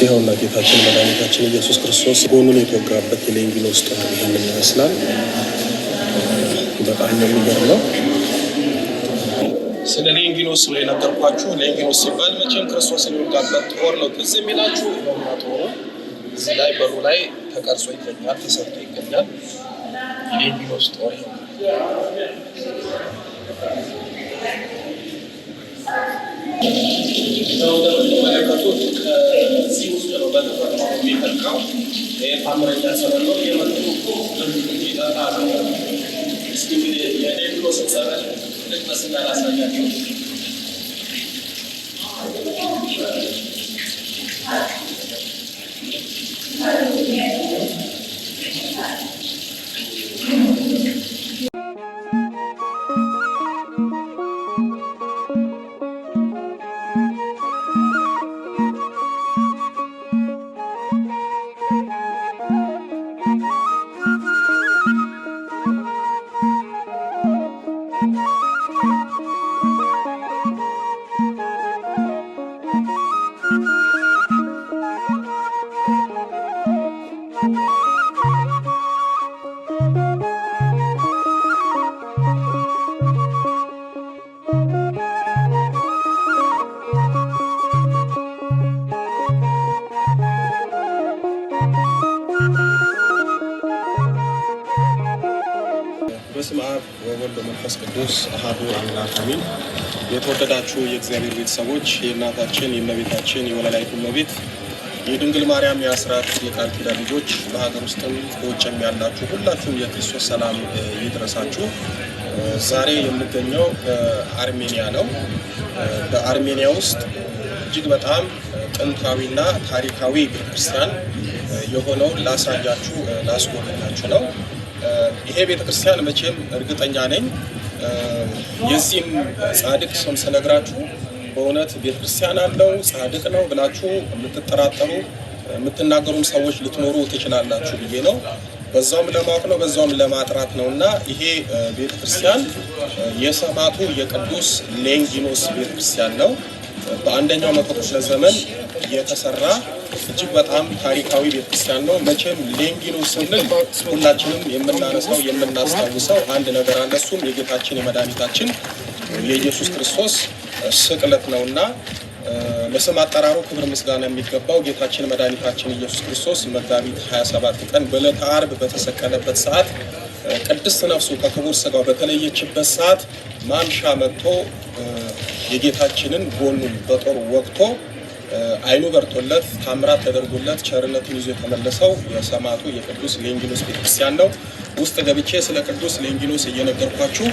ይኸውና ጌታችን መድኃኒታችን ኢየሱስ ክርስቶስ ጎኑን የተወጋበት የሌንጊኖ ውስጥ ነው። ይህንን ይመስላል። በጣም የሚገርመው ስለ ሌንጊኖስ ነው የነገርኳችሁ። ሌንጊኖስ ሲባል መቼም ክርስቶስ የሚወጋበት ጦር ነው ትዝ የሚላችሁ። ነውና ጦሩ እዚህ ላይ በሩ ላይ ተቀርጾ ይገኛል፣ ተሰርቶ ይገኛል። ሌንጊኖስ ጦር ይሆናል። ሰው እንደምትመለከቱት ከዚህ ውስጥ ነው በተፈጥሮ የሚፈልቀው። የታምረኛ ሰበን ነው የመጥቁ እስኪ የኔድሮ ስብሰበን ልቅመስና ላሳያቸው መንፈስ ቅዱስ አሐዱ አምላክ አሜን። የተወደዳችሁ የእግዚአብሔር ቤተሰቦች የእናታችን የእመቤታችን የወላዲተ እመቤት የድንግል ማርያም የአስራት የቃል ኪዳን ልጆች በሀገር ውስጥም በውጭም ያላችሁ ሁላችሁም የክርስቶስ ሰላም እየደረሳችሁ። ዛሬ የምገኘው በአርሜኒያ ነው። በአርሜኒያ ውስጥ እጅግ በጣም ጥንታዊና ታሪካዊ ቤተክርስቲያን የሆነውን ላሳያችሁ ላስጎበኛችሁ ነው። ይሄ ቤተክርስቲያን መቼም እርግጠኛ ነኝ የዚህም ጻድቅ ስም ስነግራችሁ በእውነት ቤተክርስቲያን አለው ጻድቅ ነው ብላችሁ የምትጠራጠሩ የምትናገሩም ሰዎች ልትኖሩ ትችላላችሁ ብዬ ነው። በዛውም ለማወቅ ነው፣ በዛውም ለማጥራት ነው እና ይሄ ቤተክርስቲያን የሰማዕቱ የቅዱስ ሌንጊኖስ ቤተክርስቲያን ነው። በአንደኛው መቶ ክፍለ ዘመን የተሰራ እጅግ በጣም ታሪካዊ ቤተክርስቲያን ነው። መቼም ሌንጊኖ ስንል ሁላችንም የምናነሳው የምናስታውሰው አንድ ነገር አለ። እሱም የጌታችን የመድኃኒታችን የኢየሱስ ክርስቶስ ስቅለት ነውና ለስም አጠራሩ ክብር ምስጋና የሚገባው ጌታችን መድኃኒታችን ኢየሱስ ክርስቶስ መጋቢት 27 ቀን በዕለተ ዓርብ በተሰቀለበት ሰዓት ቅድስት ነፍሱ ከክቡር ስጋው በተለየችበት ሰዓት ማምሻ መጥቶ የጌታችንን ጎኑን በጦር ወቅቶ አይኑ በርቶለት ታምራት ተደርጎለት ቸርነቱን ይዞ የተመለሰው የሰማዕቱ የቅዱስ ሌንጊኖስ ቤተክርስቲያን ነው። ውስጥ ገብቼ ስለ ቅዱስ ሌንጊኖስ እየነገርኳችሁ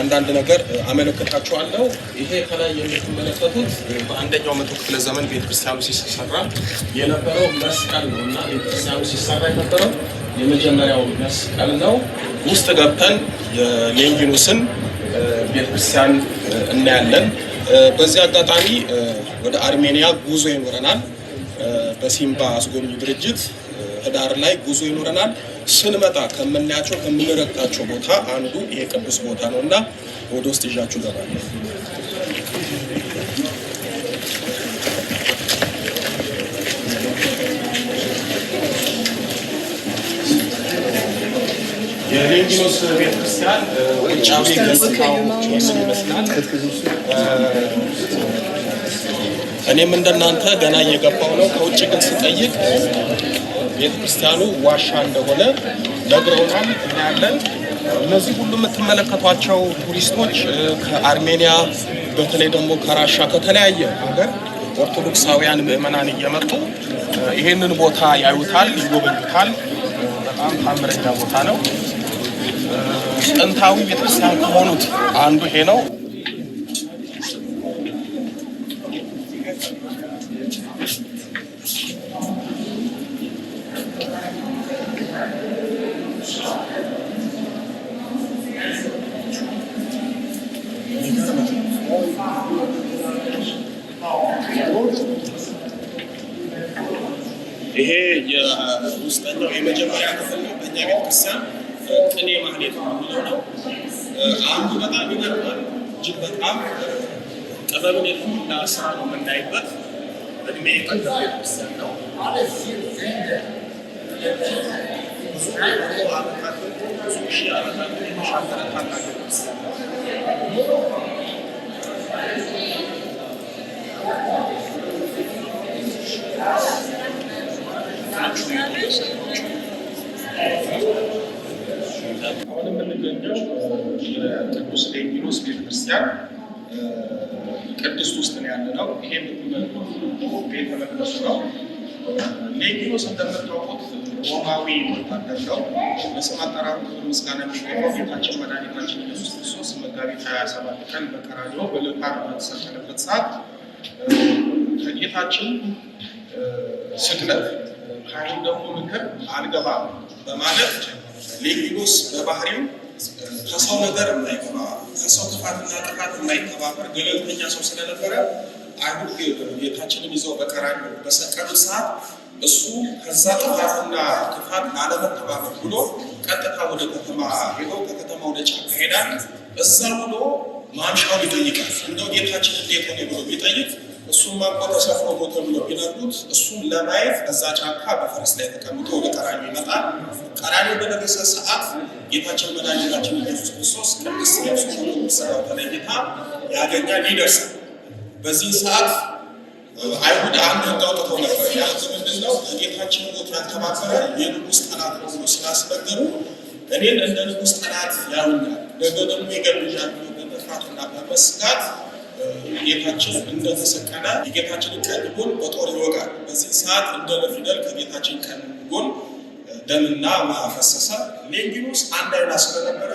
አንዳንድ ነገር አመለክታችኋለሁ። ይሄ ከላይ የምትመለከቱት በአንደኛው መቶ ክፍለ ዘመን ቤተክርስቲያኑ ሲሰራ የነበረው መስቀል ነው እና ቤተክርስቲያኑ ሲሰራ የነበረው የመጀመሪያው መስቀል ነው። ውስጥ ገብተን የሌንጊኖስን ቤተክርስቲያን እናያለን። በዚህ አጋጣሚ ወደ አርሜኒያ ጉዞ ይኖረናል። በሲምባ አስጎብኝ ድርጅት ህዳር ላይ ጉዞ ይኖረናል። ስንመጣ ከምናያቸው ከምንረግጣቸው ቦታ አንዱ የቅዱስ ቦታ ነው እና ወደ ውስጥ ይዣችሁ ገባለሁ። የሌንጊኖስ ቤተክርስቲያን ውጫዊ ገጽታው ይመስል ይመስላል። እኔም እንደናንተ ገና እየገባው ነው። ከውጭ ግን ስጠይቅ ቤተክርስቲያኑ ዋሻ እንደሆነ ነግረውናል። እናያለን። እነዚህ ሁሉ የምትመለከቷቸው ቱሪስቶች ከአርሜኒያ በተለይ ደግሞ ከራሻ ከተለያየ ሀገር ኦርቶዶክሳውያን ምዕመናን እየመጡ ይሄንን ቦታ ያዩታል፣ ይጎበኙታል። በጣም ታምረኛ ቦታ ነው። ጥንታዊ ቤተክርስቲያን ከሆኑት አንዱ ይሄ ነው። ይሄ የውስጠኛው የመጀመሪያ ክፍል ነው በእኛ ቤተክርስቲያን እኔ ማህሌት ነው የሚለው አንዱ በጣም ይገርማል። እጅግ በጣም ጥበብን የተሞላ ስራ ነው የምናይበት። እድሜ ቀደም ቤተክርስቲያን ነው Thank you. አሁን የምንገኘው ቅዱስ ሌሚኖስ ቤተክርስቲያን ቅድስት ውስጥ ነው ያለነው። ይሄ ቤተ መቅደሱ ነው። ሌሚኖስ እንደምታውቁት ሮማዊ ወታደር ነው። በስም አጠራሩ ምስጋና የሚገባው ጌታችን መድኃኒታችን ኢየሱስ ክርስቶስ መጋቢት 27 ቀን በቀራንዮ በለካር በተሰቀለበት ሰዓት ከጌታችን ስቅለት ካይን ደግሞ ምክር አልገባ በማለት ሌንጊኖስ በባህሪው ከሰው ነገር የማይገባ ከሰው ክፋትና ጥፋት የማይተባበር ገለልተኛ ሰው ስለነበረ አይሁድ ጌታችንን ይዘው በቀራኙ በሰቀሉት ሰዓት እሱ ከዛ ጥፋትና ክፋት ላለመተባበር ብሎ ቀጥታ ወደ ከተማ ሄደው ከከተማ ወደ ጫካ ሄዳል። እዛ ብሎ ማንሻው ይጠይቃል። እንደው ጌታችን እንዴት ሆነ ብሎ ቢጠይቅ እሱም ማቆ ተሸፍኖ ሞተ ብሎ ቢነግሩት እሱን ለማየት እዛ ጫካ በፈረስ ላይ ተቀምጦ ወደ ቀራኒ ይመጣል። ቀራኒ በደረሰ ሰዓት ጌታችን መድኃኒታችን ኢየሱስ ክርስቶስ ቅድስት ነፍሱ ሰራው ተለይታ ያገኛል፣ ይደርሳል። በዚህ ሰዓት አይሁድ አንድ ሕግ አውጥተው ነበር። ያ ሕግ ምንድን ነው? በጌታችን ሞት ያልተባበረ የንጉሥ ጠላት ሆኖ ስላስነገሩ እኔን እንደ ንጉሥ ጠላት ያዩኛል፣ ነገ ደግሞ የገሉኛል ብሎ በመፍራትና በመስጋት ጌታችን እንደተሰቀለ የጌታችን ቀኝ ጎን በጦር ይወጋል። በዚህ ሰዓት እንደ ለፊደል ከጌታችን ቀኝ ጎን ደምና ውሃ ፈሰሰ። ሌንጊኖስ አንድ አይና ስለነበረ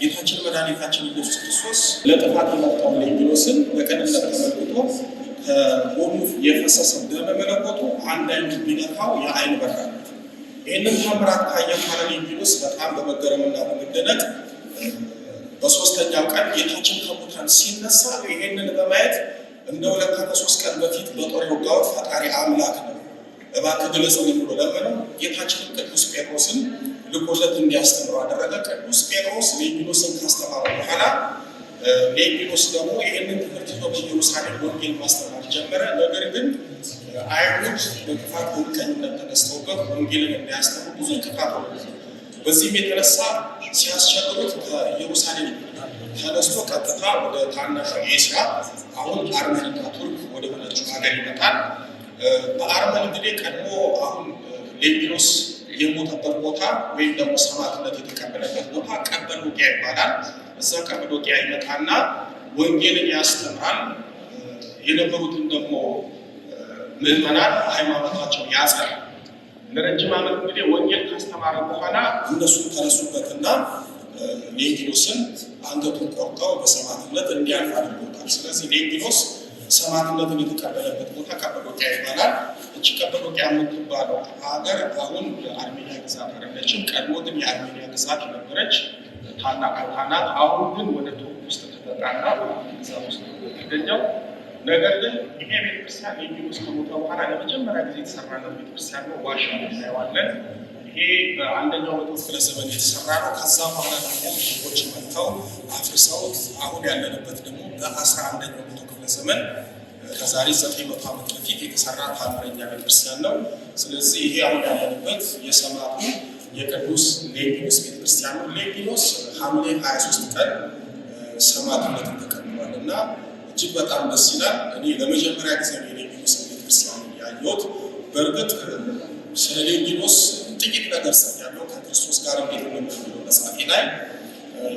ጌታችን መድኃኒታችን ኢየሱስ ክርስቶስ ለጥፋት የመጣው ሌንጊኖስን በቅንነት ተመልክቶ ከጎኑ የፈሰሰ ደመ መለኮቱ አንድ አይን የሚነካው የአይን በራለት። ይህንን ተምራት ካየ ሌንጊኖስ በጣም በመገረምና በመደነቅ በሶስተኛው ቀን ጌታችን ከሙታን ሲነሳ ይሄንን በማየት እንደው ለካ ከሶስት ቀን በፊት በጦር የወጋሁት ፈጣሪ አምላክ ነው እባክህ ግለጽልኝ ብሎ ለመነው። ጌታችንን ቅዱስ ጴጥሮስን ልኮለት እንዲያስተምረው አደረገ። ቅዱስ ጴጥሮስ ሌንጊኖስን ካስተማረ በኋላ ሌንጊኖስ ደግሞ ይህንን ትምህርት ይዞ በኢየሩሳሌም ወንጌል ማስተማር ጀመረ። ነገር ግን አይሁድ በክፋት ወንቀኝነት ተነስተውበት ወንጌልን እንዳያስተምሩ ብዙ ክፋት በዚህም የተነሳ ሲያስቸግሩት ከኢየሩሳሌም ተነስቶ ቀጥታ ወደ ታናሽ ኤስያ አሁን አርመንና ቱርክ ወደ ሆነችው ሀገር ይመጣል። በአርመን እንግዲህ ቀድሞ አሁን ሌቢኖስ የሞተበት ቦታ ወይም ደግሞ ሰማዕትነት የተቀበለበት ቦታ ቀጰዶቅያ ይባላል። እዛ ቀጰዶቅያ ይመጣና ወንጌልን ያስተምራል። የነበሩትን ደግሞ ምዕመናን ሃይማኖታቸው ያጸናል። ለረጅም ዓመት እንግዲህ ወንጌል ካስተማረ በኋላ እነሱን ተረሱበትና ሌጊኖስን አንገቱን ቆርጠው በሰማዕትነት እንዲያልፍ አድርጎታል። ስለዚህ ሌጊኖስ ሰማዕትነትን የተቀበለበት ቦታ ቀጰዶቅያ ይባላል። እቺ ቀጰዶቅያ የምትባለው ሀገር አሁን የአርሜኒያ ግዛት አይደለችም። ቀድሞ ግን የአርሜኒያ ግዛት ነበረች። ታላቅ ናት። አሁን ግን ወደ ቱርክ ውስጥ ተጠቃና ግዛት ውስጥ ትገኛው ነገር ግን ይሄ ቤተክርስቲያን የሚ ውስጥ ከሞተ በኋላ ለመጀመሪያ ጊዜ የተሰራ ነው። ቤተክርስቲያን ነው፣ ዋሻ እናየዋለን። ይሄ በአንደኛው መቶ ክፍለ ዘመን የተሰራ ነው። ከዛ በኋላ ደግሞ ሰዎች መጥተው አፍርሰውት አሁን ያለንበት ደግሞ በአስራ አንደኛው መቶ ክፍለ ዘመን ከዛሬ ዘጠኝ መቶ ዓመት በፊት የተሰራ ታምረኛ ቤተክርስቲያን ነው። ስለዚህ ይሄ አሁን ያለንበት የሰማዕቱ የቅዱስ ሌንጊኖስ ቤተክርስቲያን ነው። ሌንጊኖስ ሐምሌ 23 ቀን ሰማዕትነትን ተቀብሏል እና እጅግ በጣም ደስ ይላል። እኔ ለመጀመሪያ ጊዜ ነው የሌንጊኖስ ቤተክርስቲያን ያየሁት። በእርግጥ ስለ ሌንጊኖስ ጥቂት ነገር ሰምቻለሁ ከክርስቶስ ጋር እንዴት እንደሚሆነ መጽሐፌ ላይ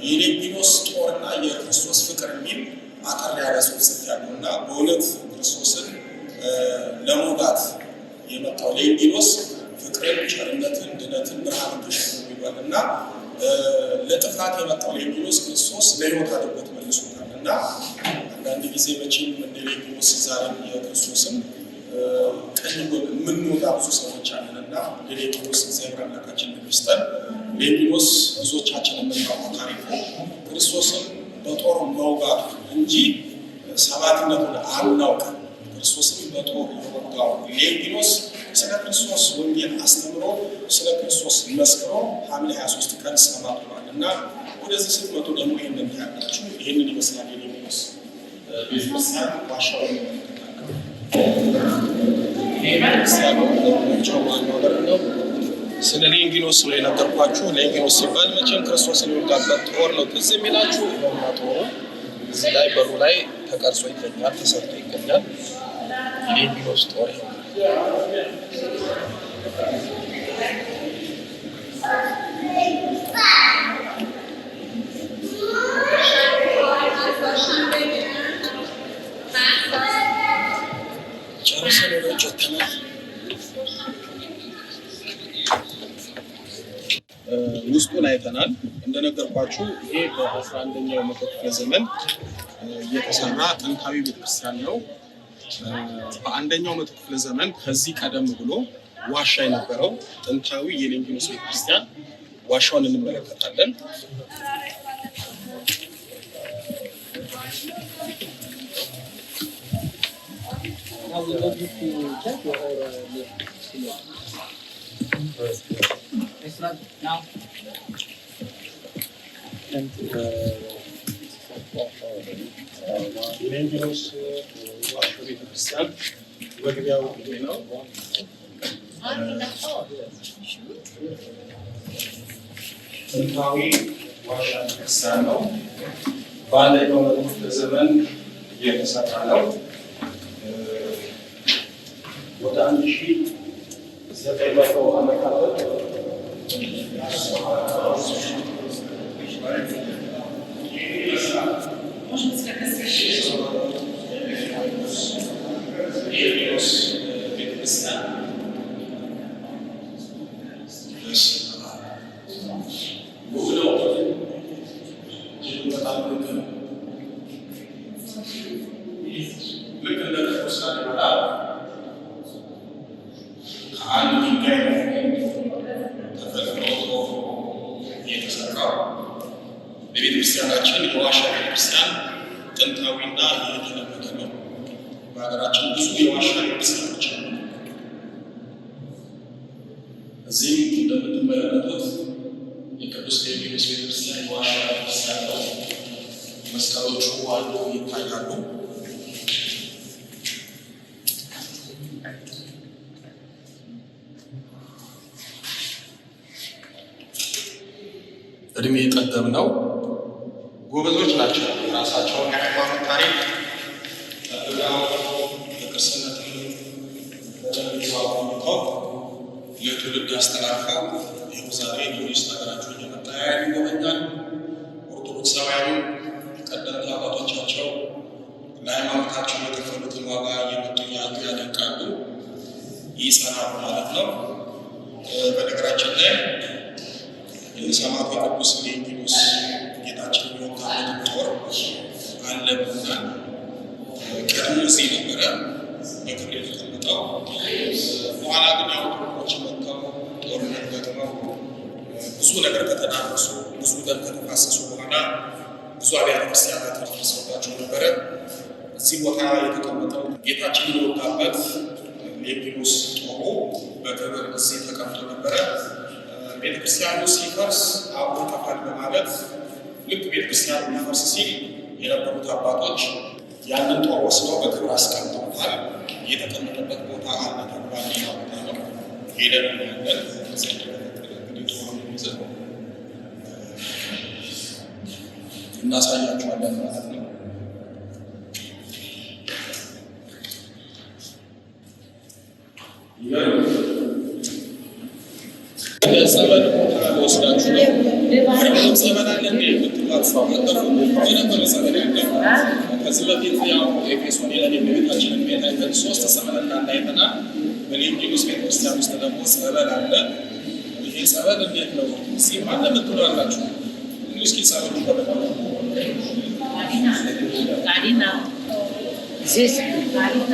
የሌንጊኖስ ጦርና የክርስቶስ ፍቅር የሚል አጠር ያለ ጽሑፍ ሰምቻለሁ እና በእውነት ክርስቶስን ለመውጋት የመጣው ሌንጊኖስ ፍቅርን፣ ቸርነትን፣ ድነትን፣ ብርሃንን ተሸክሞ ይሏል እና ለጥፋት የመጣው ሌንጊኖስ ክርስቶስ ለሕይወት አድርጎት መልሶታል እና አንዳንድ ጊዜ መቼም እንደሌሎስ ዛሬም የክርስቶስን ቀኝ ጎን የምንወጣ ብዙ ሰዎች አለን እና እንደሌሎስ እግዚአብሔር አምላካችን ንግስተን ሌሎስ ብዙዎቻችን የምናውቀው ታሪክ ነው። ክርስቶስን በጦር መውጋቱ እንጂ ሰባትነቱን አናውቅም። ክርስቶስን በጦር የወጋው ሌሎስ ስለ ክርስቶስ ወንጌል አስተምሮ ስለ ክርስቶስ መስክሮ ሐምሌ 23 ቀን ሰባት ሆኗል እና ወደዚህ ስትመጡ ደግሞ ይህንን ያላችሁ ይህንን ይመስላል ቤተክርስቲያን ስለ ሌንጊኖስ ነው የነገርኳችሁ። ሌንጊኖስ ሲባል መቼም ክርስቶስ የወጋበት ጦር ነው ትዝ የሚላችሁ። ና ጦሩ እዚህ ላይ በሩ ላይ ተቀርጾ ይገኛል፣ ተሰርቶ ይገኛል። ሌንጊኖስ ጦር ይሆናል። እንደነገርኳችሁ ይሄ በአስራ አንደኛው መቶ ክፍለ ዘመን የተሰራ ጥንታዊ ቤተክርስቲያን ነው። በአንደኛው መቶ ክፍለ ዘመን ከዚህ ቀደም ብሎ ዋሻ የነበረው ጥንታዊ የሌንጊኖስ ቤተክርስቲያን ዋሻውን እንመለከታለን። ሜንዲሮስ ዋሾ ቤተክርስቲያን መግቢያው ነው። ጥንታዊ ዋሻ ቤተክርስቲያን ነው። ባለፈው ክፍለ ዘመን የተሰራ ነው። ወደ አንድ ሺ ዘጠኝ መቶ ዓመት Amen. መስቀሎቹ ዋሉ ይታያሉ። እድሜ ጠገብ ነው። ጎበዞች ናቸው። የራሳቸውን ሃይማኖት ታሪክ ጠብቀው በቅርስነትም ለትውልድ ያስተላልፈው ይኸው ዛሬ ዩኒስ ነው። በነገራችን ላይ የሰማዕቱ ቅዱስ ሌንጊኖስ ጌታችን የሚወጋበት ጦር አለብናል ቀድሞ እዚህ ነበረ በክብር የተቀመጠው። በኋላ ግን ያው ቱርኮች መጥተው ጦርነት ገጥመው ብዙ ነገር ከተናነሱ ብዙ ደም ከተፋሰሱ በኋላ ብዙ አብያተ ክርስቲያናት ተፈሰባቸው ነበረ። እዚህ ቦታ የተቀመጠው ጌታችን የሚወጋበት ሌንጊኖስ ቆሞ በክብር እሴት ተቀምጦ ነበረ። ቤተክርስቲያኑ ሲፈርስ አብሮ ጠፋል በማለት ልክ ቤተክርስቲያኑ ሊፈርስ ሲል የነበሩት አባቶች ያንን ጦር ወስደው በክብር አስቀምጠውታል። የተቀመጠበት ቦታ አለ ተባል ቦታ ነው ሄደን ያለን እናሳያቸዋለን ማለት ነው። ጸበል ወስዳችሁ ነው ጸበል አለ የምትሏት የነበረ ጸበል ያለ ከዚህ በፊት ያው ኤፌሶን ይለን የመቤታችንን ቤት ሶስት ጸበልና እንዳይተና በሊም ዲሙስ ቤተ ውስጥ ደግሞ ጸበል አለ። ይሄ ጸበል እንዴት ነው ሲም አለ አላችሁ። እስኪ ጸበሉ ተበ ቃሪና ዜስ ቃሪና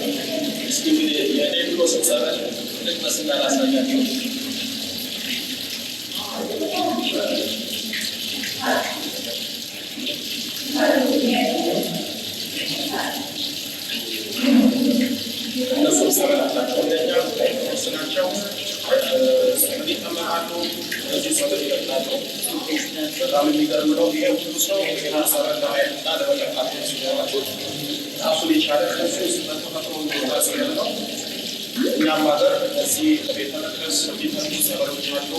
discriminate your name because of salary. Let me send that as a نصب سبعة تقولين سنة سنة أما عنو نزيد صدر إلى الناتو فقام الميدان مروبيا وكل شو وكنا سبعة نهاية الناتو وكنا سبعة አፍሪካ ለከሰስ በተፈጥሮ ራስ ያለው እኛም ሀገር እዚህ ቤተመቅደስ የሚጠጡ ዘበኖች አሉ።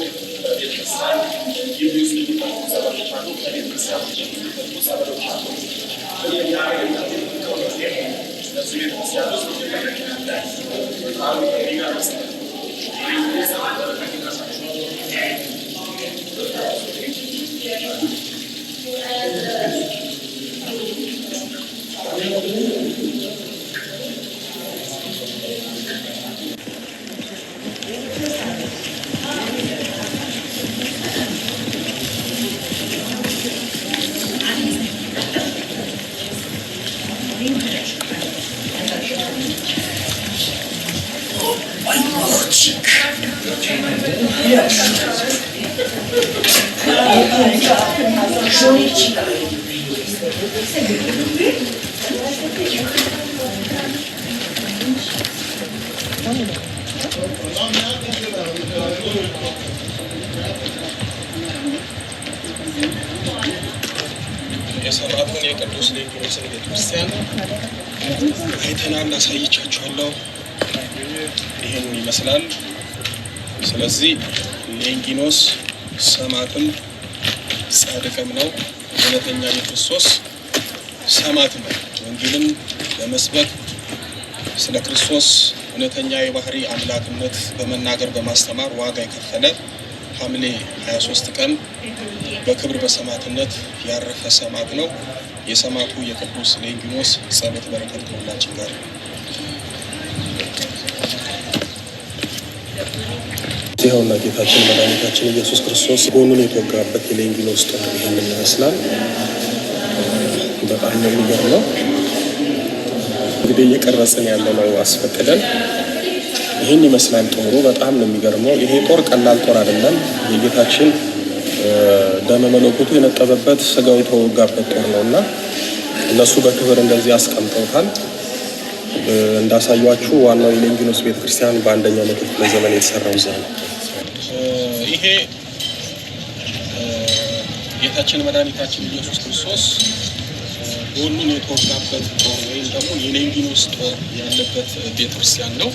ቤተክርስቲያን ግቢ ውስጥ የሚጠጡ ዘበኖች አሉ። ከቤተክርስቲያን ውጭ የሚጠጡ ዘበኖች አሉ። እነሱ ቤተክርስቲያን ውስጥ ሚጋ የሰማዕቱን የቅዱስ ሌንጊኖስን ቤተክርስቲያን አይተናል፣ አሳይቻችኋለሁ። ይህን ይመስላል። ስለዚህ የእንጊኖስ ሰማዕትም ጻድቅም ነው። እውነተኛ የክርስቶስ ሰማዕት ነው። ወንጌልን በመስበክ ስለ ክርስቶስ እውነተኛ የባህሪ አምላክነት በመናገር በማስተማር ዋጋ የከፈለ ሐምሌ 23 ቀን በክብር በሰማዕትነት ያረፈ ሰማዕት ነው። የሰማዕቱ የቅዱስ ሌንጊኖስ ጸሎት በረከት ከሁላችን ጋር ይኸውና ጌታችን መድኃኒታችን ኢየሱስ ክርስቶስ ጎኑን የተወጋበት ውስጥ ነው። ይህንን ይመስላል። በጣም የሚገርመው እንግዲህ እየቀረጽን ነው አስፈቅደን ይህን ይመስላል ጦሩ። በጣም ነው የሚገርመው። ይሄ ጦር ቀላል ጦር አይደለም። የጌታችን ደመ መለኮቱ የነጠበበት ስጋው የተወጋበት ጦር ነው እና እነሱ በክብር እንደዚህ አስቀምጠውታል። እንዳሳያችሁ ዋናው የሌንጊኖስ ቤተክርስቲያን በአንደኛው መቶ ክፍለ ዘመን የተሰራው እዛ ነው። ይሄ ጌታችን መድኃኒታችን ኢየሱስ ክርስቶስ ጎኑን የተወጋበት ጦር ወይም ደግሞ የሌንጊኖስ ጦር ያለበት ቤተክርስቲያን ነው።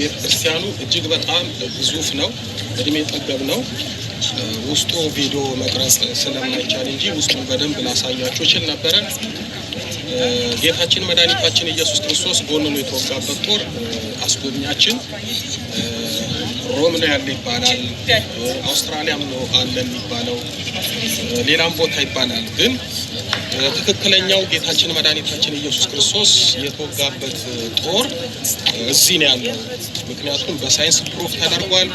ቤተክርስቲያኑ እጅግ በጣም ግዙፍ ነው፣ እድሜ ጠገብ ነው። ውስጡ ቪዲዮ መቅረጽ ስለማይቻል እንጂ ውስጡን በደንብ ላሳያችሁ ይችል ነበረ። ጌታችን መድኃኒታችን ኢየሱስ ክርስቶስ ጎኑን የተወጋበት ጦር አስጎብኛችን ሮም ነው ያለ ይባላል፣ አውስትራሊያም ነው አለ የሚባለው፣ ሌላም ቦታ ይባላል። ግን ትክክለኛው ጌታችን መድኃኒታችን ኢየሱስ ክርስቶስ የተወጋበት ጦር እዚህ ነው ያለው። ምክንያቱም በሳይንስ ፕሩፍ ተደርጓል፣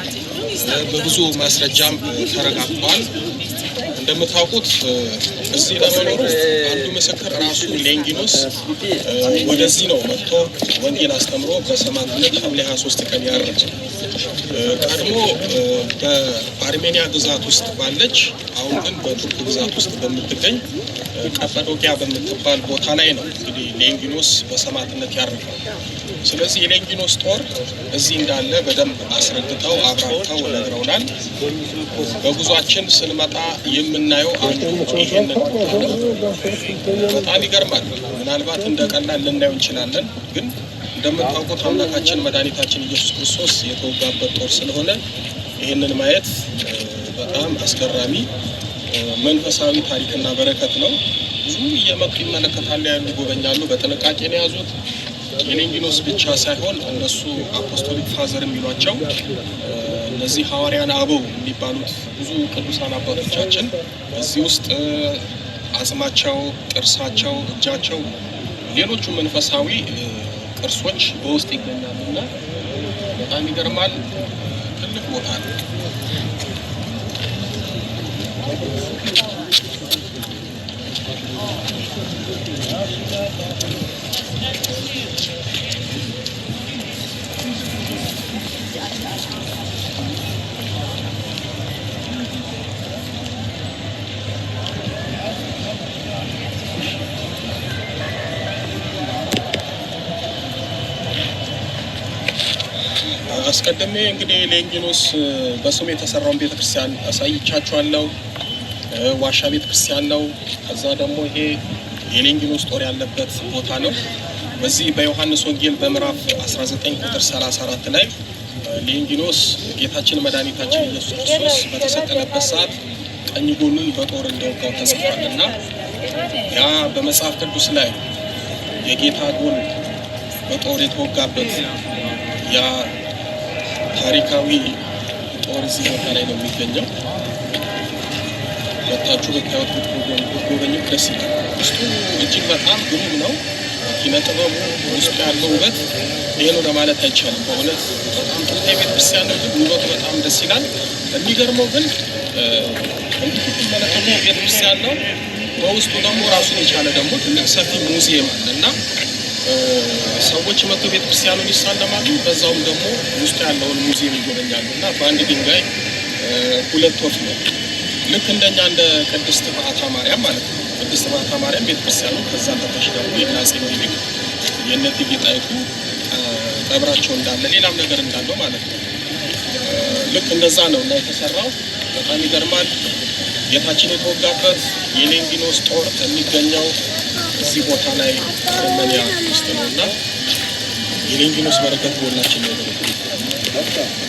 በብዙ ማስረጃም ተረጋግጧል። እንደምታውቁት እዚህ ለመኖር አንዱ ምስክር ራሱ ሌንጊኖስ ወደዚህ ነው መጥቶ ወንጌል አስተምሮ በሰማዕትነት ሐምሌ 23 ቀን ያረጀ። ቀድሞ በአርሜኒያ ግዛት ውስጥ ባለች አሁን ግን በቱርክ ግዛት ውስጥ በምትገኝ ቀጰዶቅያ በምትባል ቦታ ላይ ነው እንግዲህ ሌንጊኖስ በሰማዕትነት ያረፈው። ስለዚህ የሌንጊኖስ ጦር እዚህ እንዳለ በደንብ አስረግጠው አብራርተው ነግረውናል። በጉዟችን ስንመጣ የምናየው አንዱ ይሄንን በጣም ይገርማል። ምናልባት እንደ ቀላል ልናየው እንችላለን፣ ግን እንደምታውቁት አምላካችን መድኃኒታችን ኢየሱስ ክርስቶስ የተወጋበት ጦር ስለሆነ ይህንን ማየት በጣም አስገራሚ መንፈሳዊ ታሪክና በረከት ነው። ብዙ እየመጡ ይመለከታሉ፣ ያሉ ይጎበኛሉ። በጥንቃቄ ነው የያዙት። ቄሌንጊኖስ ብቻ ሳይሆን እነሱ አፖስቶሊክ ፋዘር የሚሏቸው እነዚህ ሐዋርያን አበው የሚባሉት ብዙ ቅዱሳን አባቶቻችን እዚህ ውስጥ አጽማቸው፣ ጥርሳቸው፣ እጃቸው፣ ሌሎቹ መንፈሳዊ ቅርሶች በውስጥ ይገኛሉ እና በጣም ይገርማል። ትልቅ ቦታ ነው። አስቀድሜ እንግዲህ ለኤንጅኖስ በስሙ የተሰራውን ቤተክርስቲያን አሳይቻችኋለሁ። ዋሻ ቤተ ክርስቲያን ነው። ከዛ ደግሞ ይሄ የሌንጊኖስ ጦር ያለበት ቦታ ነው። በዚህ በዮሐንስ ወንጌል በምዕራፍ 19 ቁጥር 34 ላይ ሌንጊኖስ ጌታችን መድኃኒታችን ኢየሱስ ክርስቶስ በተሰቀለበት ሰዓት ቀኝ ጎኑን በጦር እንደወጋው ተጽፏል እና ያ በመጽሐፍ ቅዱስ ላይ የጌታ ጎን በጦር የተወጋበት ያ ታሪካዊ ጦር እዚህ ቦታ ላይ ነው የሚገኘው። ወጥታችሁ ህይወት ብትጎበኙ ደስ ይላል። ውስጡ እጅግ በጣም ግሩም ነው። ኪነጥበቡ ውስጡ ያለው ውበት ይህ ለማለት አይቻልም። በእውነት በጣም ጥንታዊ ቤተክርስቲያን ነው። ውበቱ በጣም ደስ ይላል። የሚገርመው ግን እንድትመለከቱ ቤተክርስቲያን ነው። በውስጡ ደግሞ ራሱን የቻለ ደግሞ ትልቅ ሰፊ ሙዚየም አለ እና ሰዎች መጥቶ ቤተክርስቲያኑን ይሳለማሉ። በዛውም ደግሞ ውስጡ ያለውን ሙዚየም ይጎበኛሉ እና በአንድ ድንጋይ ሁለት ወፍ ነው ልክ እንደኛ እንደ ቅድስት ማዕታ ማርያም ማለት ነው። ቅድስት ማዕታ ማርያም ቤተክርስቲያኑ ከዛ ተተሽ ደግሞ የናጼ ሚኒሊክ የእነት ጌጣይቱ ቀብራቸው እንዳለ ሌላም ነገር እንዳለው ማለት ነው። ልክ እንደዛ ነው እና የተሰራው በጣም ይገርማል። ጌታችን የተወጋበት የሌንጊኖስ ጦር የሚገኘው እዚህ ቦታ ላይ አርመኒያ ውስጥ ነው እና የሌንጊኖስ በረከት በሁላችን ነው።